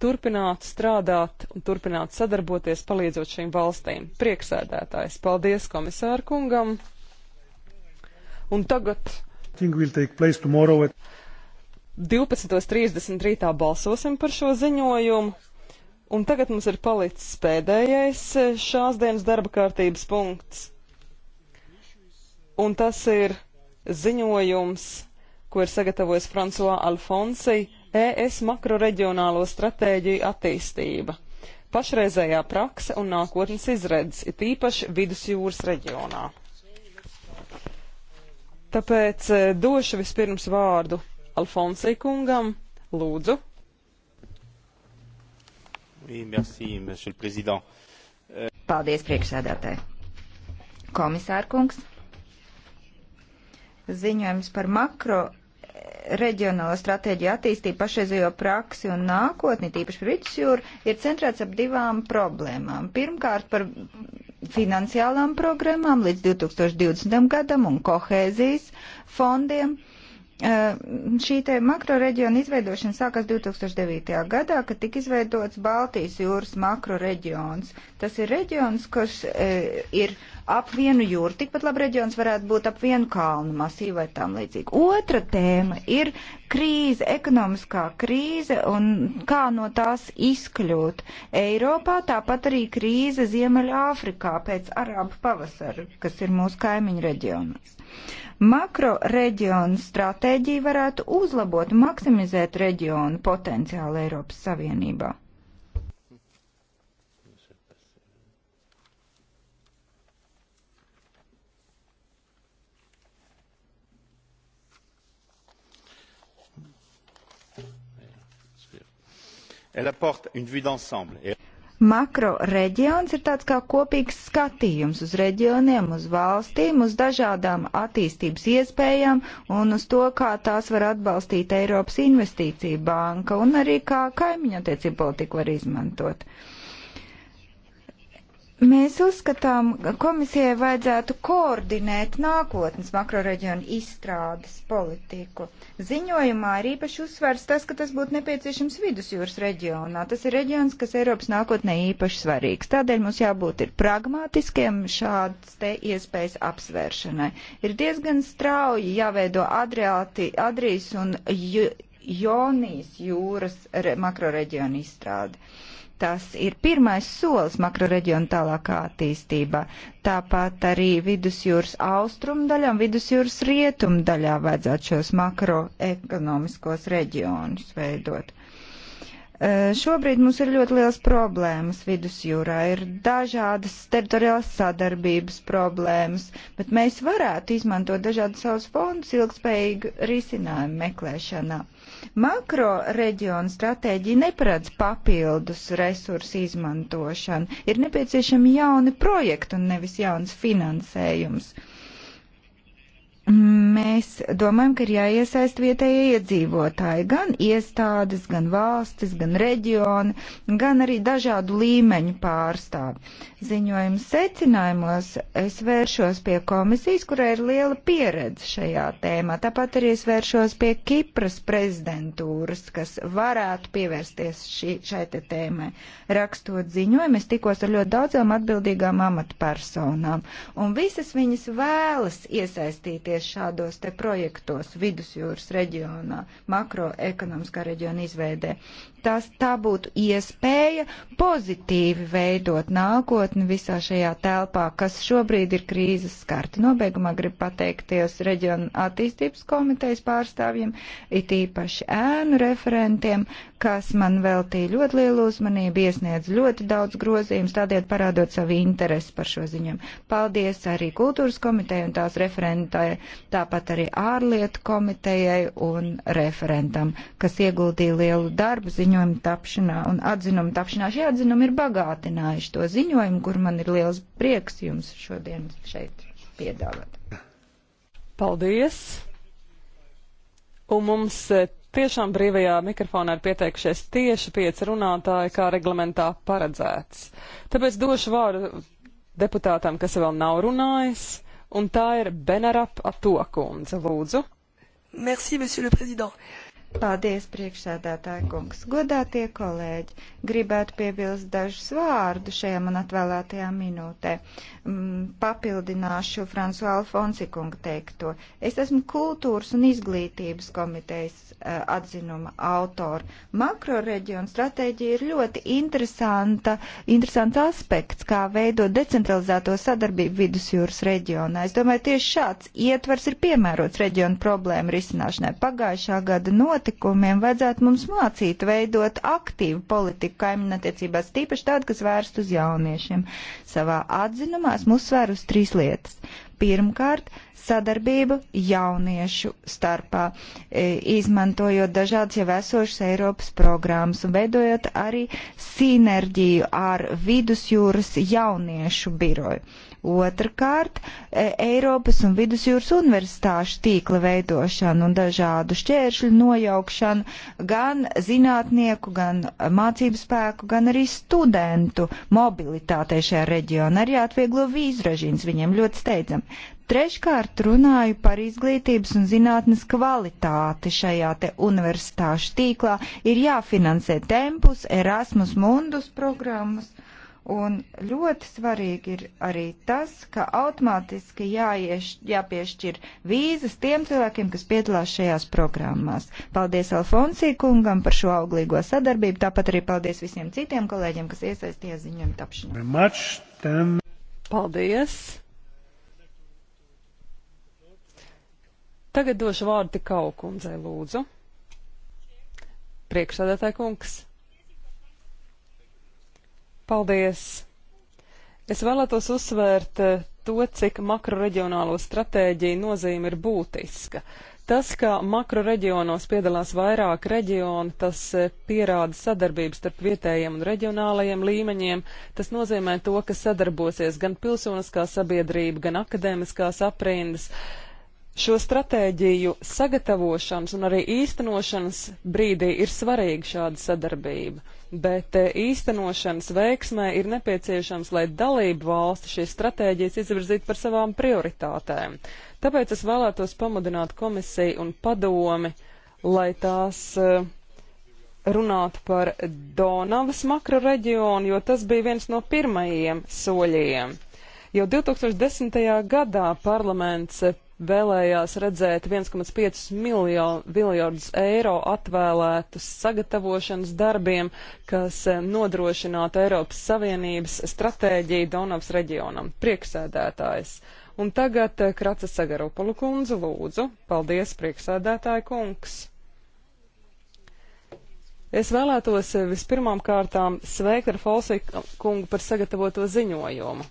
turpināt strādāt un turpināt sadarboties, palīdzot šīm valstīm. Prieksēdētājs, paldies komisāru kungam. Un tagad. 12.30 rītā balsosim par šo ziņojumu. Un tagad mums ir palicis pēdējais eh, šās dienas darba kārtības punkts. Un tas ir ziņojums, ko ir sagatavojis François Alfonsija ES makroreģionālo stratēģiju attīstība, pašreizējā prakse un nākotnes izredzes, it īpaši vidusjūras reģionā. Tāpēc e, došu vispirms vārdu Alfonsī kungam. Lūdzu. Oui, merci, monsieur le président. Euh, Paldies, priekšsēdētāji. Komisārkungs, ziņojums par makro reģionāla stratēģija attīstība pašreizējo praksi un nākotni, tīpaši par vidusjūru, ir centrēts ap divām problēmām. Pirmkārt, par finansiālām programmām līdz 2020. gadam un kohēzijas fondiem. Šī te makroreģiona izveidošana sākās 2009. gadā, kad tika izveidots Baltijas jūras makroreģions. Tas ir reģions, kas ir ap vienu jūru. Tikpat labi reģions varētu būt ap vienu kalnu masīvu vai tam līdzīgi. Otra tēma ir krīze, ekonomiskā krīze un kā no tās izkļūt. Eiropā tāpat arī krīze Ziemeļāfrikā pēc Arābu pavasara, kas ir mūsu kaimiņu reģionas. Makro reģionu stratēģija varētu uzlabot, maksimizēt reģionu potenciālu Eiropas Savienībā. Elle apporte une vue d'ensemble. Makro reģions ir tāds kā kopīgs skatījums uz reģioniem, uz valstīm, uz dažādām attīstības iespējām un uz to, kā tās var atbalstīt Eiropas investīcija banka un arī kā kaimiņu attiecību politiku var izmantot. Uh, Mēs uzskatām, ka komisijai vajadzētu koordinēt nākotnes makroreģionu izstrādes politiku. Ziņojumā ir īpaši uzsvērts tas, ka tas būtu nepieciešams vidusjūras reģionā. Tas ir reģions, kas Eiropas nākotnē īpaši svarīgs. Tādēļ mums jābūt ir pragmātiskiem šādas te iespējas apsvēršanai. Ir diezgan strauji jāveido Adriāti, Adrijas un Jonijas jūras re, makroreģionu izstrādi Tas ir pirmais solis makroreģiona tālākā attīstībā. Tāpat arī vidusjūras austrumu daļā un vidusjūras rietumu daļā vajadzētu šos makroekonomiskos reģionus veidot. Eh, šobrīd mums ir ļoti liels problēmas vidusjūrā, ir dažādas teritoriālās sadarbības problēmas, bet mēs varētu izmantot dažādas savus fondus ilgspējīgu risinājumu meklēšanā. Makro reģionu stratēģija neparedz papildus resursu izmantošanu, ir nepieciešami jauni projekti un nevis jauns finansējums. Uh, Mēs domājam, ka ir jāiesaist vietējie iedzīvotāji, gan iestādes, gan valstis, gan reģioni, gan arī dažādu līmeņu pārstāvi. Ziņojuma secinājumos es vēršos pie komisijas, kurai ir liela pieredze šajā tēmā. Tāpat arī es vēršos pie Kipras prezidentūras, kas varētu pievērsties šī, šai te tēmai. Rakstot ziņojumu, es tikos ar ļoti daudzām atbildīgām amatpersonām, un visas viņas vēlas iesaistīties piedalīties šādos te projektos vidusjūras reģionā, makroekonomiskā reģiona izveidē. Tas tā būtu iespēja pozitīvi veidot nākotni visā šajā telpā, kas šobrīd ir krīzes skarta. Nobeigumā gribu pateikties reģiona attīstības komitejas pārstāvjiem, it īpaši ēnu referentiem kas man veltīja ļoti lielu uzmanību, iesniedz ļoti daudz grozījumus, tādēļ parādot savu interesi par šo ziņojumu. Paldies arī kultūras komitejai un tās referentai, tāpat arī ārlietu komitejai un referentam, kas ieguldīja lielu darbu ziņojumu tapšanā un atzinumu tapšanā. Šie atzinumi ir bagātinājuši to ziņojumu, kur man ir liels prieks jums šodien šeit piedāvāt. Paldies! Un mums eh, Tiešām brīvajā mikrofonā ir pieteikušies tieši pieci runātāji, kā reglamentā paredzēts. Tāpēc došu vārdu deputātam, kas vēl nav runājis, un tā ir Benarap Atokundze. Lūdzu. Merci, monsieur le président. Paldies, priekšsēdētāji kungs. Godātie kolēģi, gribētu piebilst dažus vārdus šajā man atvēlētajā minūtē. Mm, papildināšu Fransu Alfonsi kunga teikto. Es esmu kultūras un izglītības komitejas eh, atzinuma autori. Makroreģiona stratēģija ir ļoti interesanta, interesants aspekts, kā veidot decentralizēto sadarbību vidusjūras reģionā. Es domāju, tieši šāds ietvers ir piemērots reģionu problēmu risināšanai. Pagājušā gada not notikumiem vajadzētu mums mācīt veidot aktīvu politiku kaimiņattiecībās, tīpaši tādu, kas vērst uz jauniešiem. Savā atzinumā esmu uzsvērusi trīs lietas. Pirmkārt, sadarbību jauniešu starpā, e, izmantojot dažādas jau esošas Eiropas programmas un veidojot arī sinerģiju ar vidusjūras jauniešu biroju. Otrakārt, e, Eiropas un Vidusjūras universitāšu tīkla veidošana un dažādu šķēršļu nojaukšana gan zinātnieku, gan mācību spēku, gan arī studentu mobilitātei šajā reģionā arī atvieglo vīzražīns viņiem ļoti steidzam. Treškārt runāju par izglītības un zinātnes kvalitāti šajā te universitāšu tīklā. Ir jāfinansē tempus, Erasmus mundus programmas. Un ļoti svarīgi ir arī tas, ka automātiski jāieš, jāpiešķir vīzas tiem cilvēkiem, kas piedalās šajās programmās. Paldies Alfonsī kungam par šo auglīgo sadarbību, tāpat arī paldies visiem citiem kolēģiem, kas iesaistīja ziņojumu tapšanā. Paldies! Tagad došu vārdu tikau kundzei lūdzu. Priekšsēdētāji kungs. Paldies! Es vēlētos uzsvērt eh, to, cik makroreģionālo stratēģiju nozīme ir būtiska. Tas, ka makroreģionos piedalās vairāk reģionu, tas eh, pierāda sadarbības starp vietējiem un reģionālajiem līmeņiem. Tas nozīmē to, ka sadarbosies gan pilsoniskā sabiedrība, gan akadēmiskās aprindas. Uh, Šo stratēģiju sagatavošanas un arī īstenošanas brīdī ir svarīga šāda sadarbība, bet eh, īstenošanas veiksmē ir nepieciešams, lai dalību valsti šīs stratēģijas izvirzītu par savām prioritātēm. Tāpēc es vēlētos pamudināt komisiju un padomi, lai tās uh, eh, runāt par Donavas makro reģionu, jo tas bija viens no pirmajiem soļiem. Jau 2010. gadā parlaments eh, vēlējās redzēt 1,5 miljardus eiro atvēlētus sagatavošanas darbiem, kas eh, nodrošinātu Eiropas Savienības stratēģiju Donavas reģionam. Prieksēdētājs. Un tagad eh, Kraca Sagaropalu kundze lūdzu. Paldies, prieksēdētāja kungs. Es vēlētos eh, vispirmām kārtām sveikt ar Folsīku kungu par sagatavoto ziņojumu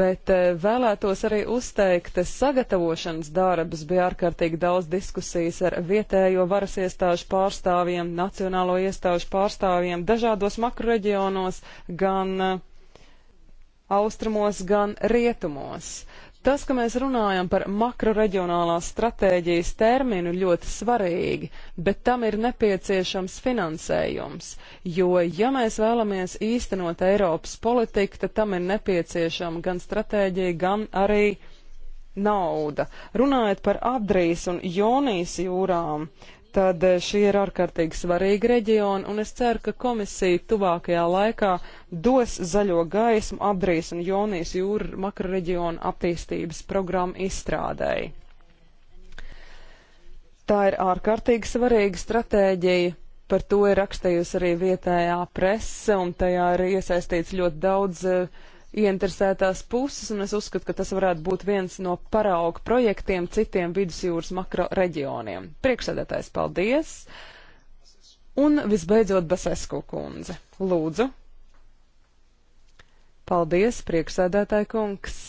bet eh, vēlētos arī uzteikt sagatavošanas darbus. Bija ārkārtīgi daudz diskusijas ar vietējo varas iestāžu pārstāvjiem, nacionālo iestāžu pārstāvjiem dažādos makroreģionos, gan uh, austrumos, gan rietumos. Tas, ka mēs runājam par makroreģionālās stratēģijas terminu, ļoti svarīgi, bet tam ir nepieciešams finansējums, jo, ja mēs vēlamies īstenot Eiropas politiku, tad tam ir nepieciešama gan stratēģija, gan arī nauda. Runājot par Adrijas un Jonijas jūrām, tad eh, šie ir ārkārtīgi svarīgi reģioni, un es ceru, ka komisija tuvākajā laikā dos zaļo gaismu Adrijas un Jonijas jūra makroreģionu attīstības programmu izstrādēji. Tā ir ārkārtīgi svarīga stratēģija, par to ir rakstījusi arī vietējā prese, un tajā ir iesaistīts ļoti daudz uh, ieinteresētās puses, un es uzskatu, ka tas varētu būt viens no parauga projektiem citiem vidusjūras makro reģioniem. Priekšsēdētājs, paldies! Un visbeidzot, Basesku kundze. Lūdzu! Paldies, priekšsēdētāja kungs!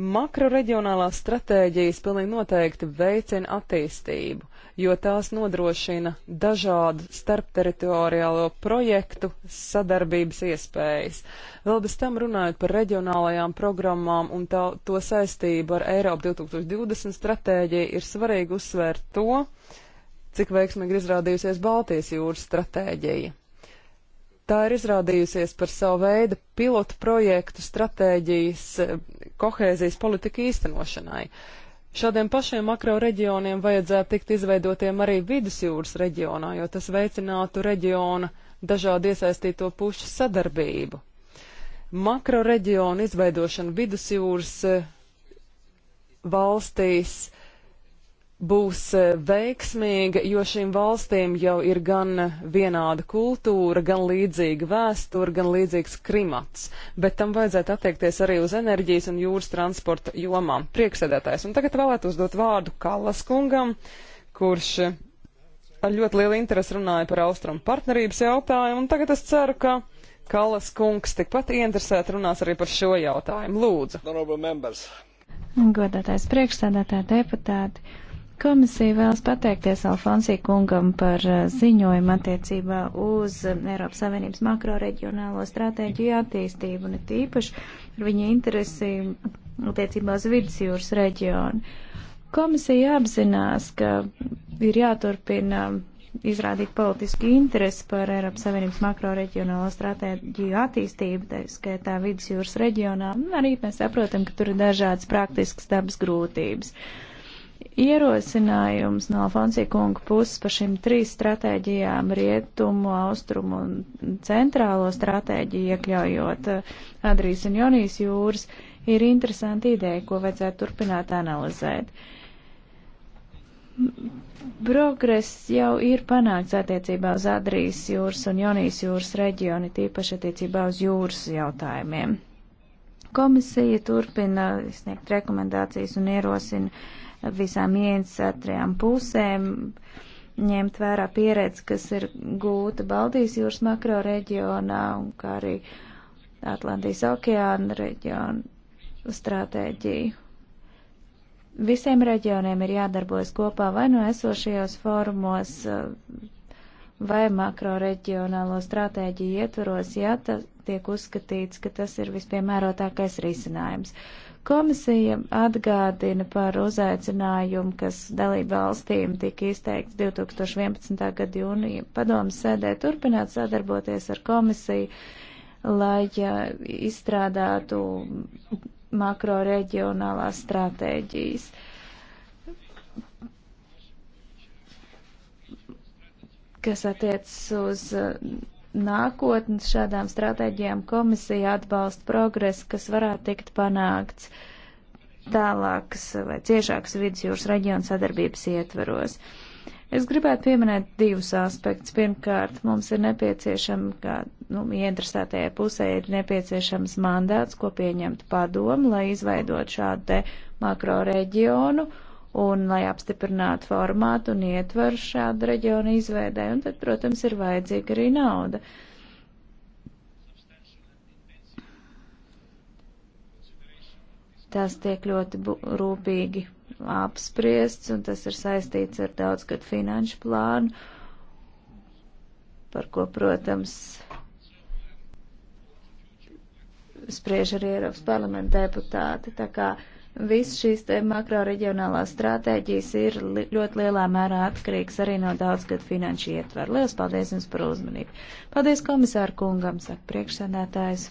Makroreģionālās stratēģijas pilnīgi noteikti veicina attīstību, jo tās nodrošina dažādu starpteritoriālo projektu sadarbības iespējas. Vēl bez tam runājot par reģionālajām programmām un tā, to saistību ar Eiropu 2020 stratēģiju, ir svarīgi uzsvērt to, cik veiksmīgi ir izrādījusies Baltijas jūras stratēģija. Tā ir izrādījusies par savu veidu pilotu projektu stratēģijas eh, kohēzijas politika īstenošanai. Šādiem pašiem makro reģioniem vajadzētu tikt izveidotiem arī vidusjūras reģionā, jo tas veicinātu reģiona dažādu iesaistīto pušu sadarbību. Makro reģionu izveidošana vidusjūras eh, valstīs būs e, veiksmīga, jo šīm valstīm jau ir gan vienāda kultūra, gan līdzīga vēsture, gan līdzīgs klimats, bet tam vajadzētu attiekties arī uz enerģijas un jūras transporta jomām. Prieksēdētājs. Un tagad vēlētu uzdot vārdu Kallas kungam, kurš ar ļoti lielu interesi runāja par austrumu partnerības jautājumu, un tagad es ceru, ka Kallas kungs tikpat ieinteresēti runās arī par šo jautājumu. Lūdzu. Godātais priekšsēdētāji deputāti. Komisija vēlas pateikties Alfonsī kungam par eh, ziņojumu attiecībā uz eh, Eiropas Savienības makroreģionālo stratēģiju attīstību un tīpaši ar viņa interesi attiecībā uz vidusjūras reģionu. Komisija apzinās, ka ir jāturpina izrādīt politisku interesi par Eiropas Savienības makroreģionālo stratēģiju attīstību, tā skaitā vidusjūras reģionā, un arī mēs saprotam, ka tur ir dažādas praktiskas dabas grūtības. Uh, ierosinājums no Alfonsija kunga puses par šīm trīs stratēģijām - rietumu, austrumu un centrālo stratēģiju, iekļaujot eh, Adrijas un Jonijas jūras, ir interesanti ideja, ko vajadzētu turpināt analizēt. Progress jau ir panākts attiecībā uz Adrijas jūras un Jonijas jūras reģioni, tīpaši attiecībā uz jūras jautājumiem. Komisija turpina sniegt rekomendācijas un ierosina visām ieinteresētajām pusēm ņemt vērā pieredzi, kas ir gūta Baltijas jūras makro reģionā un kā arī Atlantijas okeāna reģionu stratēģiju. Visiem reģioniem ir jādarbojas kopā vai no nu esošajos formos vai makro reģionālo stratēģiju ietvaros, ja tas tiek uzskatīts, ka tas ir vispiemērotākais risinājums. Uh, Komisija atgādina par uzaicinājumu, kas dalību valstīm tika izteikts 2011. gada jūnija padomas sēdē, turpināt sadarboties ar komisiju, lai izstrādātu makro reģionālās stratēģijas. kas attiecas uz nākotnes šādām stratēģijām komisija atbalsta progresu, kas varētu tikt panākts tālākas vai ciešākas vidusjūras reģiona sadarbības ietveros. Es gribētu pieminēt divus aspektus. Pirmkārt, mums ir nepieciešama, kā nu, ieinteresētajai pusē ir nepieciešams mandāts, ko pieņemtu padomu, lai izveidot šādu te makro reģionu un lai apstiprinātu formātu un ietvaru šādu reģionu izveidē, un tad, protams, ir vajadzīga arī nauda. Tas tiek ļoti rūpīgi apspriests, un tas ir saistīts ar daudzgad finanšu plānu, par ko, protams, spriež arī Eiropas parlamenta deputāti. Tā kā uh, Viss šīs te makroreģionālās stratēģijas ir li ļoti lielā mērā atkarīgs arī no daudzgad finanšu ietvaru. Lielas paldies jums par uzmanību. Paldies komisāru kungam, saka priekšsēdētājs.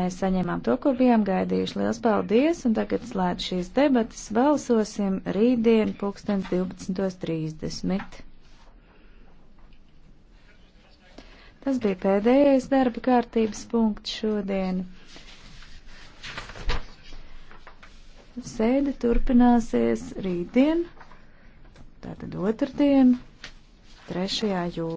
Mēs saņēmām to, ko bijām gaidījuši. Lielas paldies, un tagad slēdz šīs debatas. Balsosim rītdien, pulkstens 12.30. Tas bija pēdējais darba kārtības punkts šodien. Sēde turpināsies rītdien, tātad otrdien, 3. jūlijā.